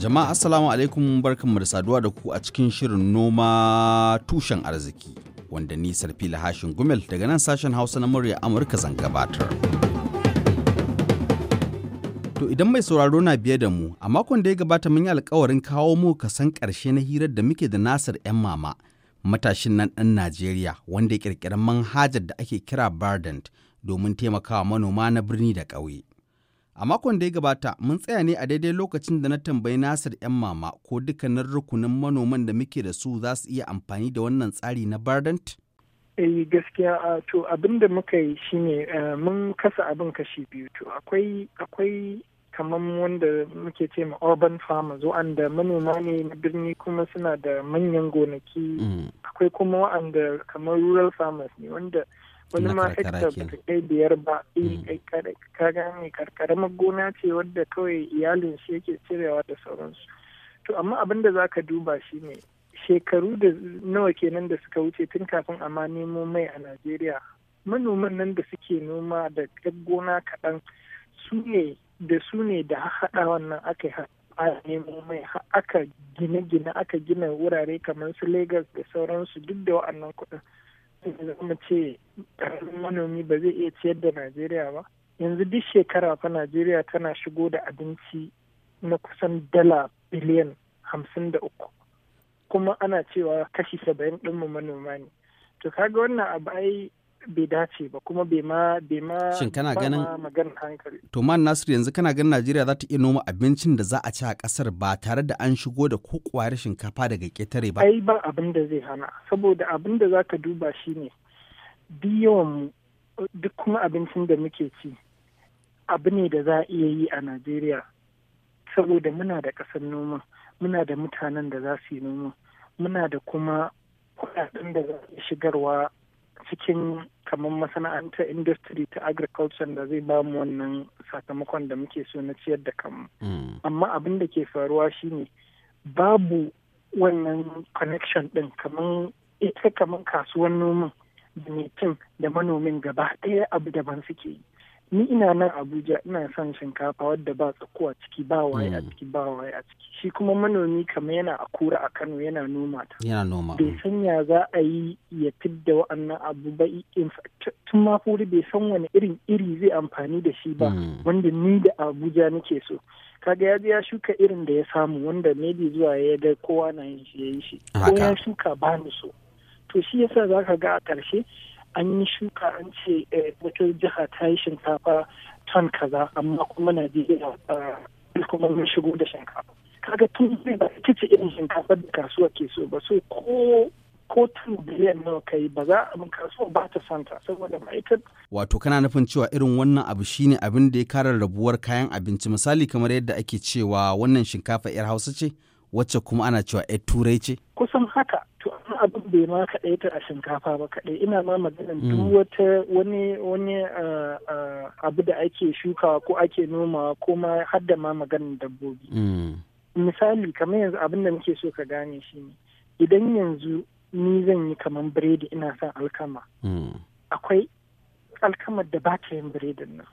Jama'a Assalamu alaikum barkanmu da saduwa da ku a cikin shirin noma tushen arziki wanda ni Sarfila Hashin Gumel daga nan sashen Hausa na murya Amurka zan gabatar. To idan mai sauraro na biye da mu, a makon da ya gabata mun yi alkawarin kawo mu kasan ƙarshe na hirar da muke da nasar 'yan mama, matashin nan ɗan Najeriya wanda ya ƙirƙirar manhajar da ake kira bardent domin taimakawa manoma na birni da ƙauye. A makon da ya gabata mun tsaya ne a daidai lokacin da na tambayi Nasir 'yan mama ko dukkanin rukunin manoman da muke da su za su iya amfani da wannan tsari na Bardant? Eh gaskiya to abin da muka yi shine eh, mun kasa abin kashi biyu to akwai akwai kamar wanda muke ce ma urban farmers wanda manoma ne na birni kuma suna da manyan gonaki mm. akwai kuma wa'anda kamar rural farmers ne wanda wani ma hektar ba ta kai biyar ba eh, mm. ka gane karkaramar gona ce wadda kawai iyalin shi yake cirewa da sauransu to amma abin da za ka duba shi ne shekaru da nawa kenan da suka wuce tun kafin a ma nemo mai a najeriya manoman nan da suke noma da kai gona kaɗan su ne da su ne da haɗa wannan aka yi a nemo mai aka gine-gine aka gina wurare kamar su lagos da sauransu duk da wa'annan kuɗin zama ce manomi ba zai iya ciyar da najeriya ba yanzu duk shekara fa najeriya tana shigo da abinci na kusan dala biliyan hamsin da uku kuma ana cewa kashi saba'in ɗinmu manoma ne to kaga wannan abu ai bai dace ba kuma bai ma bai ma kana ganin hankali to man nasir yanzu kana ganin Najeriya za ta iya noma abincin da za a ci a kasar ba tare da an shigo da ko kwayar shinkafa daga ketare ba ai ba abin da zai hana saboda abin da zaka duba shine duk yawan duk kuma abincin da muke ci abu ne da za a iya yi a Najeriya saboda muna da kasar noma muna da mutanen da za su yi noma muna da kuma kuɗaɗen da za su shigarwa cikin kamar masana'antar industry ta agriculture da zai ba mu wannan sakamakon da muke so na ciyar da kanmu mm. amma abin da ke faruwa shine babu wannan connection din kamar ita kamar kasuwar noman da mai da manomin gaba ɗaya abu daban suke yi ni ina nan abuja ina son shinkafa wadda ba tsako a ciki ba waye a mm. ciki ba waye a ciki shi kuma manomi kamar yana a kura a kano yana noma ta yana noma bai san ya za a yi ya fidda wa'annan abu ba tun ma kuri bai san wani irin iri zai amfani da shi ba mm. wanda ni da abuja nake so kaga ya ya shuka irin da ya samu wanda maybe zuwa ya ga kowa na yin shi ya yi shi ko ya shuka ba so to shi yasa za ka ga a ƙarshe an yi shuka an ce eh, wata jiha ta yi shinkafa ton kaza amma kuma na najeriya eh, kuma mun shigo da shinkafa kaga tun zai ba ita ce irin shinkafa da kasuwa ke so ba so ko ko tun biliyan nawa kai ba za a kasuwa ba ta santa saboda ma'aikata. Wato kana nufin cewa irin wannan abu shine abin da ya kara rabuwar kayan abinci misali kamar yadda ake cewa wannan shinkafa 'yar Hausa ce wacce kuma ana cewa ‘yar turai ce? Kusan haka, to amma abin bai ma kaɗai ta a shinkafa ba kaɗai ina ma maganin duk mm. wata wani wani abu da ake shukawa ko ake nomawa ko ma har da ma maganin dabbobi. Mm. Misali kamar yanzu abin da muke so ka gane shi ne idan yanzu ni zan yi kamar biredi ina son alkama. Mm. Akwai alkamar da ba ta yin biredin nan.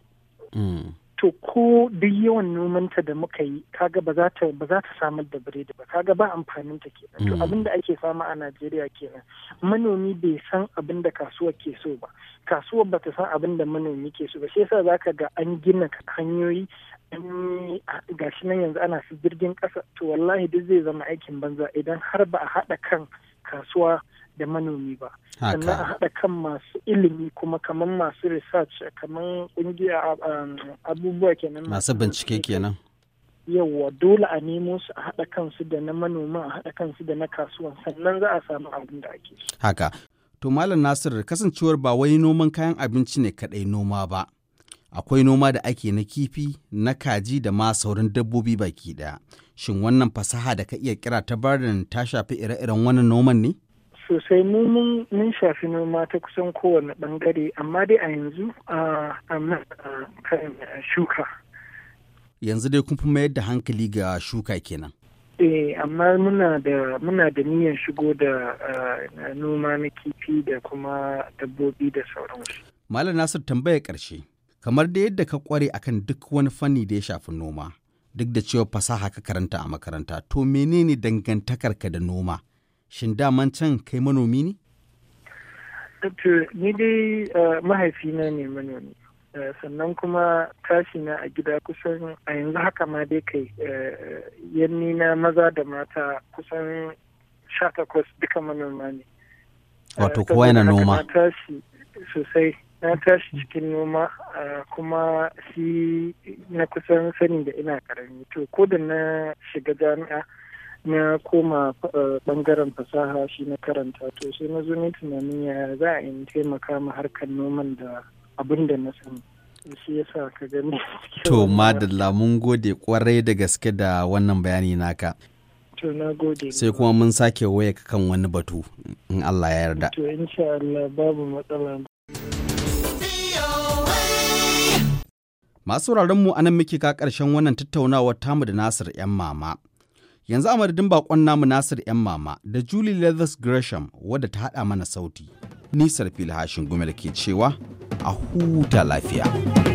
to ko duk yawan nomanta da muka yi kaga ba za ta ba za ta samar da biredi ba kaga ba amfanin ta kenan to hmm. abin da ake samu a Najeriya kenan manomi bai san abin da kasuwa ke so ba kasuwa ba ta san abin da manomi ke so ba sai yasa zaka ga an gina hanyoyi gashi nan yanzu ana su jirgin kasa to wallahi duk zai zama aikin banza idan har ba a haɗa kan kasuwa da manomi ba sannan a haɗa kan masu ilimi kuma kamar masu research kamar ƙungiya um, abubuwa kenan masu bincike kenan yawwa dole a nemo su a haɗa kansu da na manoma a haɗa kansu da na kasuwan sannan za a samu abin da ake haka to malam nasir kasancewar ba wai noman kayan abinci ne kaɗai noma ba akwai noma da ake na kifi na kaji da ma saurin dabbobi baki ɗaya shin wannan fasaha da ka iya kira ta barin ta shafi ire-iren wannan noman ne sosai mu mun shafi noma ta kusan kowane bangare amma dai a yanzu a kan shuka yanzu dai kun fi mayar da hankali ga shuka kenan eh amma muna da muna niyyar shigo da noma na kifi da kuma dabbobi da sauransu malam nasir tambaya karshe kamar da yadda ka kware akan duk wani fanni da ya shafi noma duk da cewa fasaha ka karanta a makaranta to menene dangantakarka da noma shin daman can kai manomi ne? Dokto, ni dai eh, mahaifina ne manomi. Eh, sannan kuma tashi na a gida kusan a yanzu haka ma dai kai eh, yanni na maza da mata kusan sha takwas duka manoma ne. Wato kowa yana noma? tashi sosai. na tashi cikin noma kuma shi na kusan sani da ina karami to ko da na shiga jami'a na koma eh, bangaren fasaha shi na karanta to sai na zo ne tunanin ya za a in taimaka ma harkar noman da abin da na sani shi sa ka gani to madalla mun gode kwarai da gaske da wannan bayani naka to na gode sai kuma mun sake waya kan wani batu in Allah ya yarda to insha Allah babu matsala Masu mu anan muke ka ƙarshen wannan tattaunawa tamu da Nasir 'yan mama. Yanzu a madadin bakon namu Nasir ‘yan mama da Julie Leathers Gresham wadda ta haɗa mana sauti. Nisar filhashin gumel ke cewa a huta lafiya.